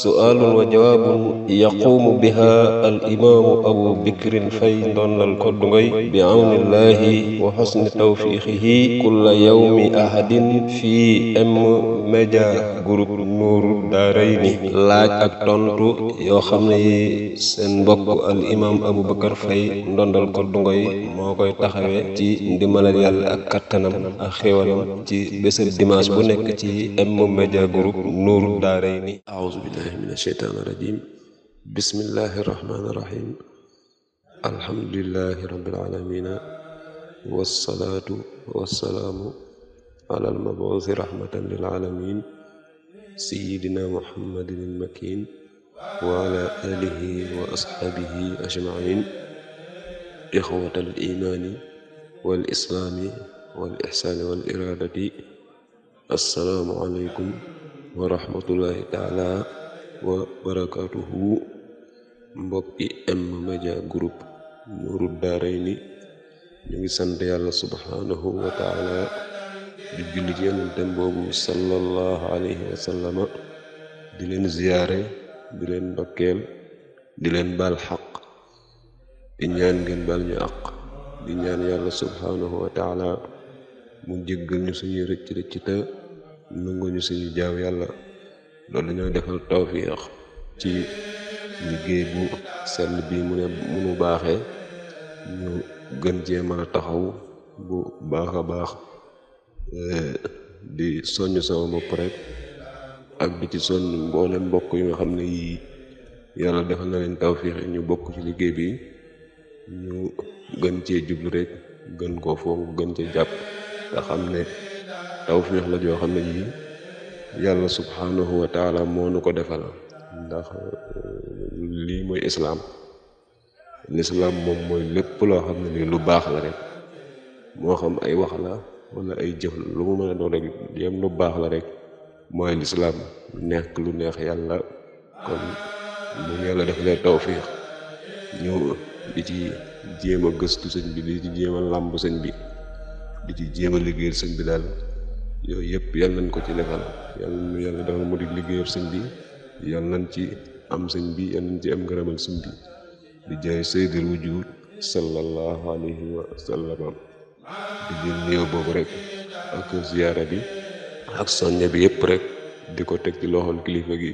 suaalun wa jawaabun yaquumu biha al imaamu abu bikrin fay ndondal koddungoy bi awnillahi wa xosni tawfiixihi kulla yawmi ahadin fii M Media Group Nour Daarayni laaj ak tontu yoo xam ne seen mbokk al imaam abu bakar fay ndondal koddungoy moo koy taxawee ci ndimbalal yàlla ak kattanam ak xéwalam ci bésëb dimanche bu nekk ci M Media Group Nour Daarayni billahi min asheytaan irajim bismillahi irrahmani irrahim alhamdulilahi rabbil alamina wassalaatu wassalaamu ala almabuusi rahmatan lil alamin sayidina muhammadin almakin waala alihi wa asxaabihi ajmain ixwata al imaani wal islaami wal ixsaani wal iraadati assalaamu aleykum wa rahmatullahi taala wa barakatuhu mbokki M-Media Group Nuuru Daarayni ñu ngi sant yàlla subhanahu wa taala di julli ci yonentem boobu sallallahu alayhi wa di leen ziyaare di leen ndokkeel di leen baal xaq di ñaan ngeen baal ñu àq di ñaan yàlla subhanahu wa mu jéggal ñu suñuy rëcc rëcc te ñu suñu jaaw yàlla loolu ñooy defal tawfiix ci liggéey bu sell bi mu ne munu baaxe ñu gën cee mën a taxaw bu baax a baax eh, di soññ sama bopp rek ak di ci soññ mboolem mbokk yi nga xam ne yii yàlla defal na leen tawfiix ñu bokk ci liggéey bi ñu gën cee jublu rek gën koo foog gën cee jàpp te xam ne tawfiix la joo xam ne yii yàlla subhanahu wa moo nu ko defal ndax euh, lii mooy islaam lislaam moom mooy lépp loo xam ne nii lu baax la rek moo xam ay wax la wala ay jëf lu mu mën a doon rek yem lu baax la rek mooy lislaam nekk lu neex yàlla kon mu yàlla def leen tawfiix ñu di ci jéem a gëstu sëñ bi di ci jéem a làmb sëñ bi di ci jéem liggéeyal sëñ bi daal yooyu yëpp yal nañ ko ci defal yal nañu mu di liggéeyal sëñ bi yal nañ ci am sëñ bi yal nañ ci am ngërëmal sëñ bi di jaay sayyidul wujud alayhi wa sallam di jël néew boobu rek ak ziyaara bi ak soñña bi yëpp rek di ko teg ci loxol kilifa gi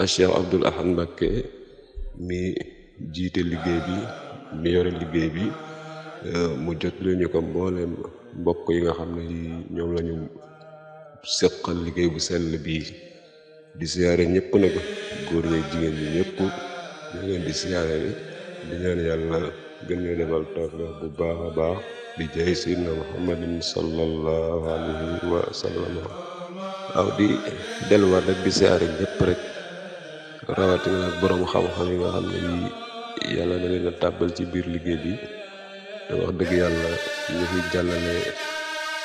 ak Cheikh Abdoul Ahad Mbacké mi jiite liggéey bi mi yore liggéey bi mu jot lu ñu ko mbooleem mbokk yi nga xam ne ñoom lañu seqal liggéey bu sell bii di siyaare ñëpp nag góor ñi jigéen ñi ñëpp ñu leen di siyaare di ñaan yàlla gën ñu defal tawfeex bu baax a baax di jaay sayyidina muhammadin sallallahu alayhi wa sallam waaw di delluwaat rek di siyaare ñëpp rek rawatina nag boroom xam-xam yi nga xam ne yàlla na leen tàbbal ci biir liggéey bi wax dëgg yàlla ñu fi jàllale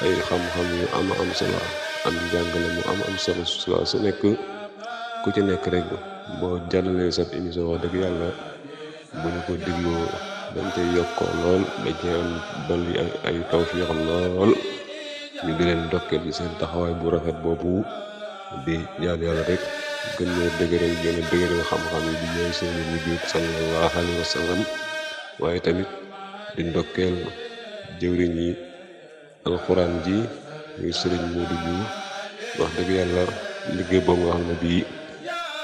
ay xam-xam yu am am solo am jàngale mu am am solo su nekk ku ci nekk rek boo jàllalee sa émission wax dëgg yàlla bu ñu ko digloo dañ cay yokkoo lool dañ cay am xam di leen ndokkeel ci seen taxawaay bu rafet boobu di ñaan yàlla rek gën a dëgëral gën a xam-xam yi di ñëw seen i mujj sallallahu alayhi wa sallam waaye tamit. di ndokkeel jëwriñ yi alxuraan ji muy sëriñ Modou Diouf wax dëgg yàlla liggéey boobu nga xam ne bii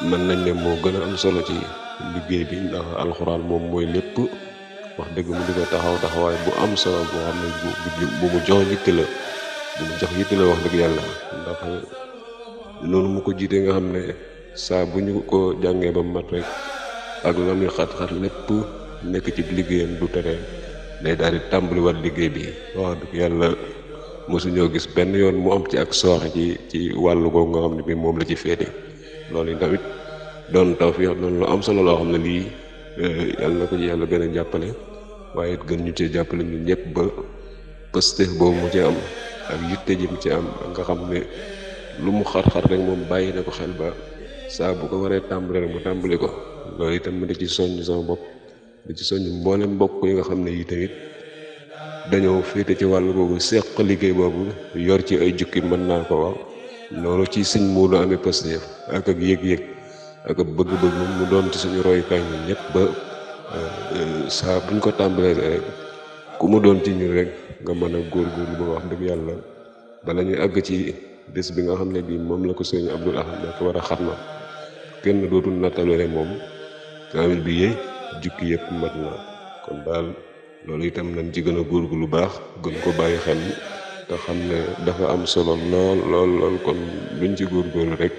mën nañ ne moo gën a am solo ci liggéey bi ndax alxuraan moom mooy lépp wax dëgg mu di ko taxaw taxawaay bu am solo boo xam ne bu mu jox yitte la bu mu jox yitte la wax dëgg yàlla ndax noonu mu ko jiite nga xam ne saa bu ñu ko jàngee ba mat rek ak la muy xat-xat lépp nekk ci liggéeyam du teree day daal di tàmbaliwaat liggéey bi wax dëgg yàlla mosuñoo gis benn yoon mu am ci ak sooxe ci ci wàllu googu nga xam ne bi moom la ci féete loolu tamit doon tawfiix doon lu am solo loo xam ne lii eh, yàlla na ko ci yàlla gën jàppale waaye it gën ñu cee jàppale ñu ñëpp ba pëstéef boobu mu ci am ak ji mu ci am nga xam ne lu mu xar-xar rek moom bàyyi na ko xel ba saa bu ko waree tàmbale rek mu tàmbali ko loolu itam mu ne ci soññ sama bopp da ci soññ mboolem mbokk yi nga xam ne yi tamit dañoo féete ci wàll boobu seq liggéey boobu yor ci ay jukki mën naa ko wax loolu ci sëñ Moodu amee Pastef ak ak yëg-yëg ak bëgg-bëgg mu doon suñu royukaay ñun ñëpp ba euh, saa buñ ko tàmbalee rek mu doon ci ñun rek nga mën a góorgóorlu ba wax dëgg yàlla bala ñuy àgg ci bés bi nga xam ne bii moom la ko sëñ Abdoul Ahad Mbacké war a xarma kenn dootul nattale moom kaamil bi yéey jukki yëpp mag na kon daal loolu itam nañ ci gën a góorgu lu baax gën ko bàyyi xel te xam ne dafa am solo lool lool lool kon luñ ci góorgóorlu rek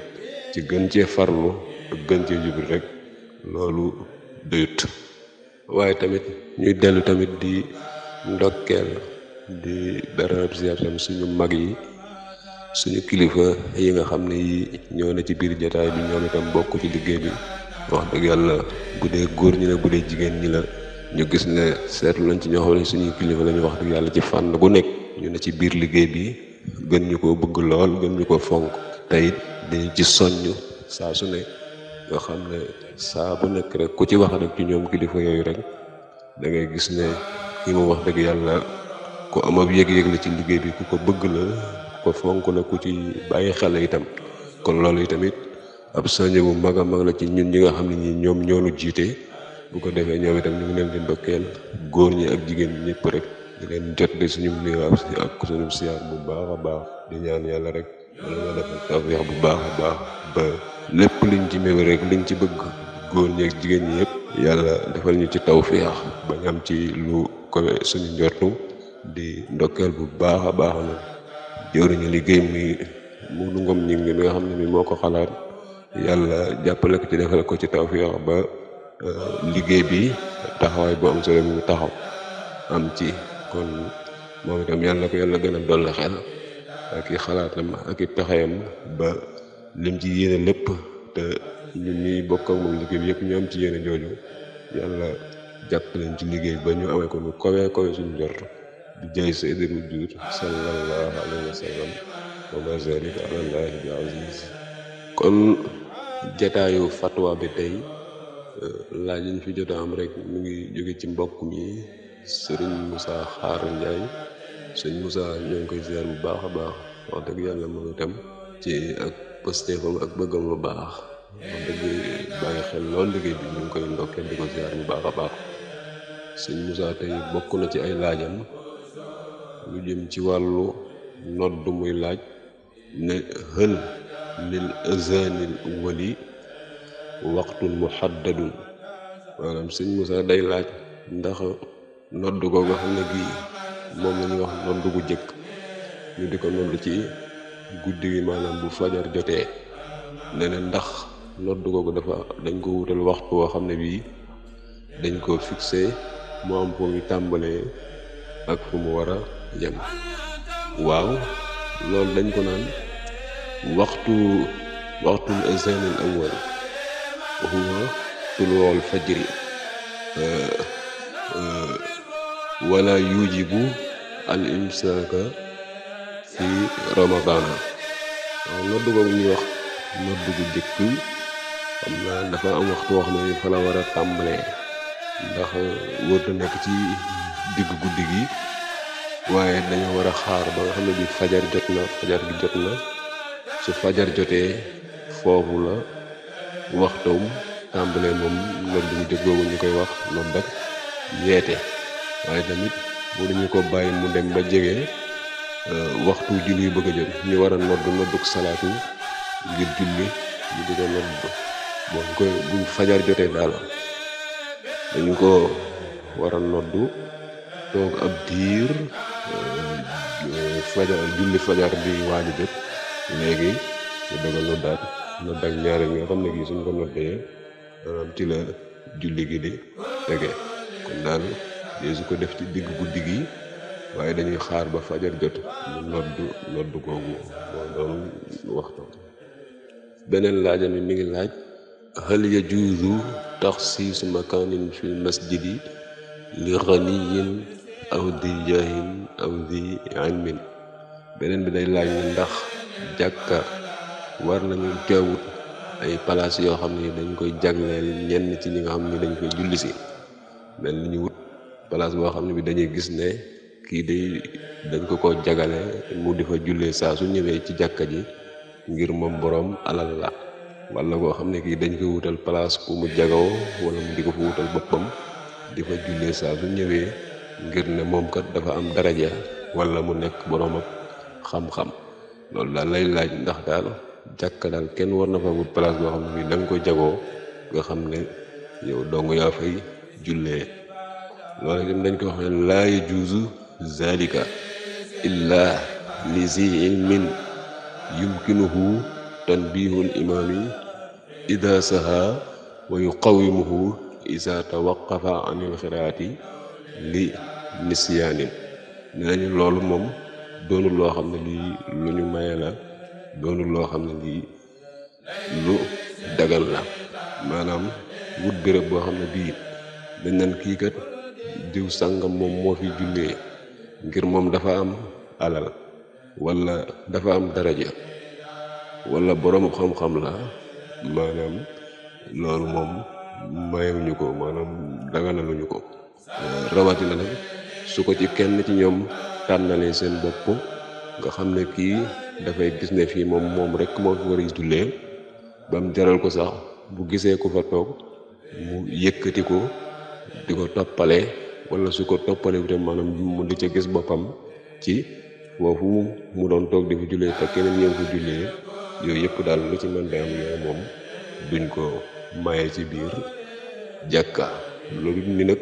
ci gën cee farlu ak gën cee jublu rek loolu doyut waaye tamit ñuy dellu tamit di ndokkeel di beral ziar tam suñu mag yi suñu kilifa yi nga xam ne yi ñoo ne ci biir jotaay bi ñoom itam bokk ci liggéey bi wax dëgg yàlla bu dee góor ñi la bu dee jigéen ñi la ñu gis ne seetlu lañ ci ñoo xam ne suñuy kilifa lañu wax dëgg yàlla ci fànn bu nekk ñu ne ci biir liggéey bi gën ñu koo bëgg lool gën ñu koo fonk te it dañu ci soññ saa su ne nga xam ne saa nekk rek ku ci wax rek ci ñoom kilifa yooyu rek da ngay gis ne ñi mu wax dëgg yàlla ku am yëg-yëg la ci liggéey bi ku ko bëgg la ku ko fonk la ku ci bàyyi xel itam kon loolu itamit ab soññe bu mag a mag la ci ñun ñi nga xam ne ñi ñoom ñoonu jiite bu ko defee ñoom itam ñu ngi leen di ndokkeel góor ñi ak jigéen ñi ñëpp rek di leen jot di suñu nuyoo ak suñu siyaar bu baax a baax di ñaan yàlla rek wala nga bu baax a baax liñ ci méw rek liñ ci bëgg góor ñi ak jigéen ñi yëpp yàlla defal ñu ci tawfeex ba ñu am ci lu ko suñu njortu di ndokkeel bu baax a baax na nag jëwriñu liggéey muy mu ngom ñi ngi nga xam ne mi moo ko xalaat yàlla jàppale ko ci defal ko ci tawfeex ba euh, liggéey bi taxawaay bu am solo bu taxaw am ci kon moom itam yàlla ko yàlla gën a dolli xel ak i xalaatam ak i ba lim ci yéene lépp te ñun ñuy bokk ak moom liggéey bi ñu am ci yéene jooju yàlla jàppaleñ ci liggéey ba ñu amee kowee kowee suñu jort di jay sayyidul wujuud sallallahu alayhi wa sallam ma zalika ala llahi bi aziz kon jataayu fatwa bi tey euh, laaj yi fi jot a am rek mu ngi jóge ci mbokk mi sëriñ musaa Xaar Ndiaye sëñ Moussa ñoo ngi koy ziar bu baax a baax wax dëgg yàlla moom itam ci ak postéefam ak bëggam lu baax wax lool liggéey bi ñu ngi baax baax sëñ Moussa tey bokk na ci ay laajam lu jëm ci wàllu nodd muy laaj ne xël lil waxtu awwali waqtun muhaddadun maanaam sëñ Moussa day laaj ndax nodd ko xam ne gii moom la ñuy wax nodd gu jëkk ñu di ko nodd ci guddi gi maanaam bu fajar jotee nee ndax nodd googu dafa dañ ko wutal waxtu woo xam ne bii dañ koo fixé mu am fu tàmbalee ak fu mu war a yem waaw loolu dañ ko naan waxtu waxtu azan al awal huwa tuluu al fajri wala yujibu al imsaaka fi ramadaana waaw nodd googu ñuy wax nodd gu dafa am wax ne fa la war a tàmbalee ndax euh, wërta gi waaye dañoo war a xaar ba nga xam ne bi fajar jot na fajar gi jot na su fajar jotee foofu la waxtoom tàmbalee moom nodd bu njëkk googu ñu koy wax nodd yeete waaye tamit bu dañu ko bàyyi mu dem ba jege euh, waxtu julli bëgg a jot ñu war a nodd nodduk salaatu ngir julli ñu di nodd bon koy bu fajar jotee daal dañu ko war a toog ab diir euh, euh, fajar julli fajar bi waaj a léegi ñu doog a noddaat noddaak ñaareel nga xam ne ko ci la julli gi di tege kon daal dee su ko def ci digg guddi gi waaye dañuy xaar ba fajar jot mu noddu noddu googu moo doon waxtu beneen laajam mi ngi laaj hal yajuuzu taxsiisu makaanin fil masjidi li ganiyin aw di jaahin aw di ilmin beneen bi day laaj ne ndax jàkka war nañu teewut ay palaas yoo xam ne dañ koy jagleel ñenn ci ñi nga xam ne dañ koy julli si mel ni ñu wut palaas boo xam ne bi dañuy gis ne kii day dañ ko ko jagale di fa jullee saa su ñëwee ci jàkka ji ngir moom boroom alal la walla koo xam ne kii dañ ko wutal palaas ku mu jagoo wala mu di ko wutal boppam di fa jullee saa su ñëwee ngir ne moom kat dafa am daraja wala mu nekk boroom ak xam-xam loolu daal lay laaj ndax daal jàkka daal kenn war na fa wut place boo xam ne bii da ko jagoo nga xam ne yow dong yaa fay ko wax ne laa yajuuzu zalika illa li zi ilmin yumkinuhu tanbihul imaami ida saha wa yuqawimuhu isa tawaqafa anil xiraati li nisyaanin nee nañu loolu moom doonul loo xam ne lii lu ñu maye la doonul loo xam ne lii lu dagal la maanaam wut béréb boo xam ne bii dañ naan kii kat diw sàngam moom moo fi jullee ngir moom dafa am alal wala dafa am daraja wala borom xam-xam la maanaam loolu moom mayewuñu ko maanaam daganaluñu ko rawatina nag su ko ci kenn ci ñoom tànnalee seen bopp nga xam ne kii dafay gis ne fii moom moom rek moo fi war a jullee bam jaral ko sax bu gisee ko fa toog mu yëkkati ko di ko toppale walla su ko toppalee itam maanaam mu di ca gis boppam ci foofu mu doon toog di fa jullee te keneen ñëw fa jullee yooyu yëpp daal lu ci mën day am ñooy moom duñ ko maye ci biir jàkka loolu ni nag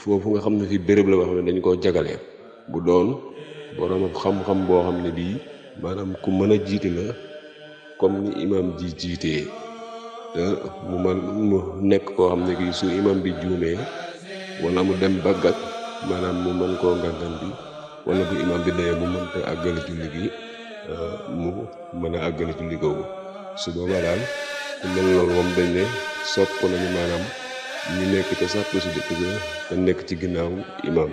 foofu nga xam ne fi béréb la wax ne dañ koo jagalee bu doon borom xam-xam boo xam ne bii maanaam ku mën a jiite la comme ni imam ji jiitee te mu man mu nekk koo xam ne kii su imam bi juumee wala mu dem ba maanaam mu mën koo ngàntan bi wala bu imam bi dee mu mën te àggale julli gi euh, mu su boobaa daal ku mel loolu moom dañ ne sopp ko nañu maanaam ñu nekk te sax su dëkk te nekk ci ginnaaw imam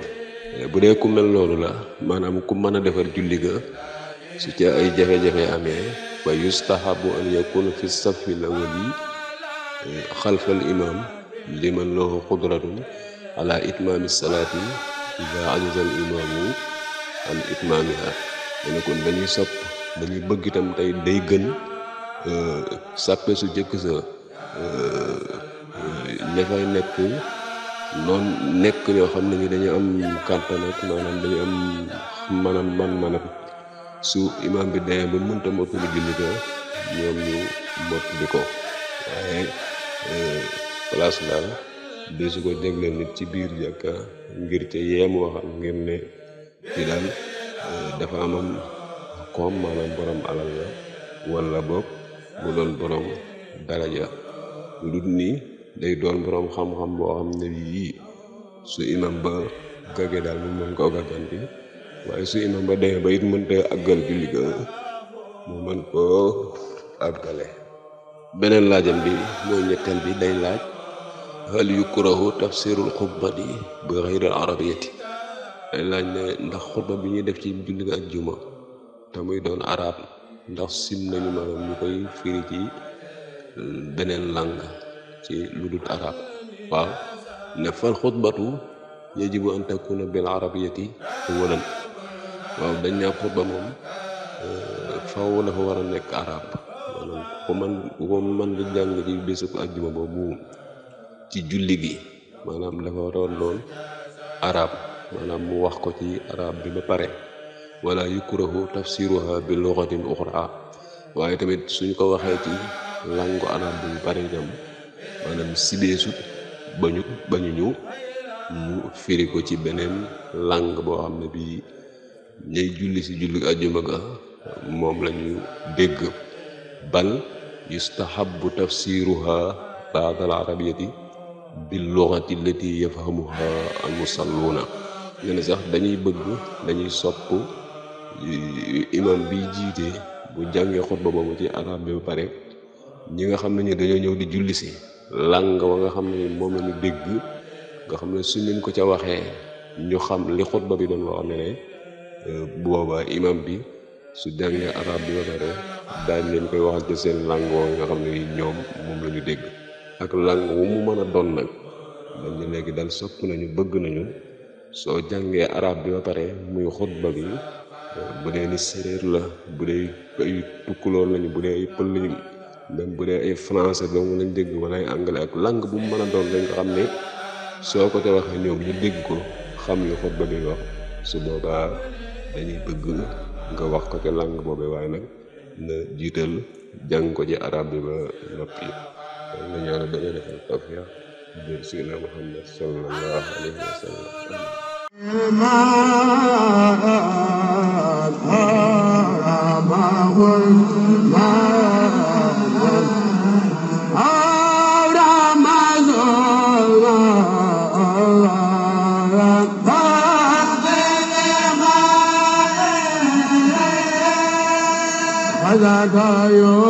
Eh, bu dee ku mel loolu la maanaam ku mën a defar julli ga su ca ay jafe-jafe amee fa yustahabu an yakuna fi safi lawali eh, xalfal imam liman lahu qudratun ala itmaami salaati ida ajiza al imaamu an itmaamiha dana kon dañuy sopp dañuy bëgg itam tey day gën eh, sàppe su jëkk sa ña fay nekk noonu nekk yoo xam ne ni dañu am kàttan ak maanaam dañu am manam man manam su imaam bi demee ba mënta mottali julli ko ñoom ñu mottali ko waaye euh, place daal de su ko jagleel nit ci biir jàkka ngir ca yeem waxal ngir ne ci euh, lu dul nii day doon boroom xam-xam boo xam ne yii su imam ba gage daal mu mën koo gaganti waaye su imam ba demee ba it mënta àggal julli ga mu mën koo àggale beneen laajam bi mooy ñetteel bi day laaj hal yukrahu tafsirul xutba bi bi xayril arabiyati day laaj ne ndax xutba bi ñuy def ci julli ga ak juma te muy doon arab ndax sim nañu maanaam ñu koy firi beneen làng ci lu dut arab waaw ne fal xutbatu yajibu an takuna bil arabiyati awalan waaw dañ naa xutba moom euh, faw dafa war a nekk arab maanaam jàng ci bésu julli gi maanaam war a doon arab maanaam mu wax ko ci arab bi ba pare wala yukrahu tafsiruha bi lugatin uxra waaye tamit suñu ko waxee ci làngu arab bi ba pare dem maanaam sideesut bañu bañu ñu mu firi ko ci beneen langue boo xam ne bii ñay julli si julli ajjuma ga moom lañu dégg bal yustahabu tafsiruha baad al arabiyati bil lughati allati yafhamuha al musalluuna nee na sax dañuy bëgg dañuy sopp imam bi jiite bu jàngee ba boobu ci arab bi ba pare ñi nga xam ne ñu dañoo ñëw di julli si làng wa nga xam ne moom la dégg nga xam ne su ñu ko ca waxee ñu xam li xutba bi doon wax ne ne euh, boobaa imam bi su jàngee arab bi ba leen koy waxal ci seen làng xam ne ñu dégg ak làng wu mu mën a doon nag dañ ne léegi daal sopp nañu bëgg nañu soo jàngee arab bi ba pare muy xutba bi bu dee ni séréer la bu dee ay tukkuloor bu dee ay pël même bu dee ay français dong lañ dégg wala ay anglais ak langue bu mu mën a doon dañ ko xam ne soo ko te waxee ñoom ñu dégg ko xam li xutba bi wax su boobaa dañuy ko te nag na jiital jàng ko ci arab bi ba noppi na ñaanal ba nga defal tawfiq jër daa yoo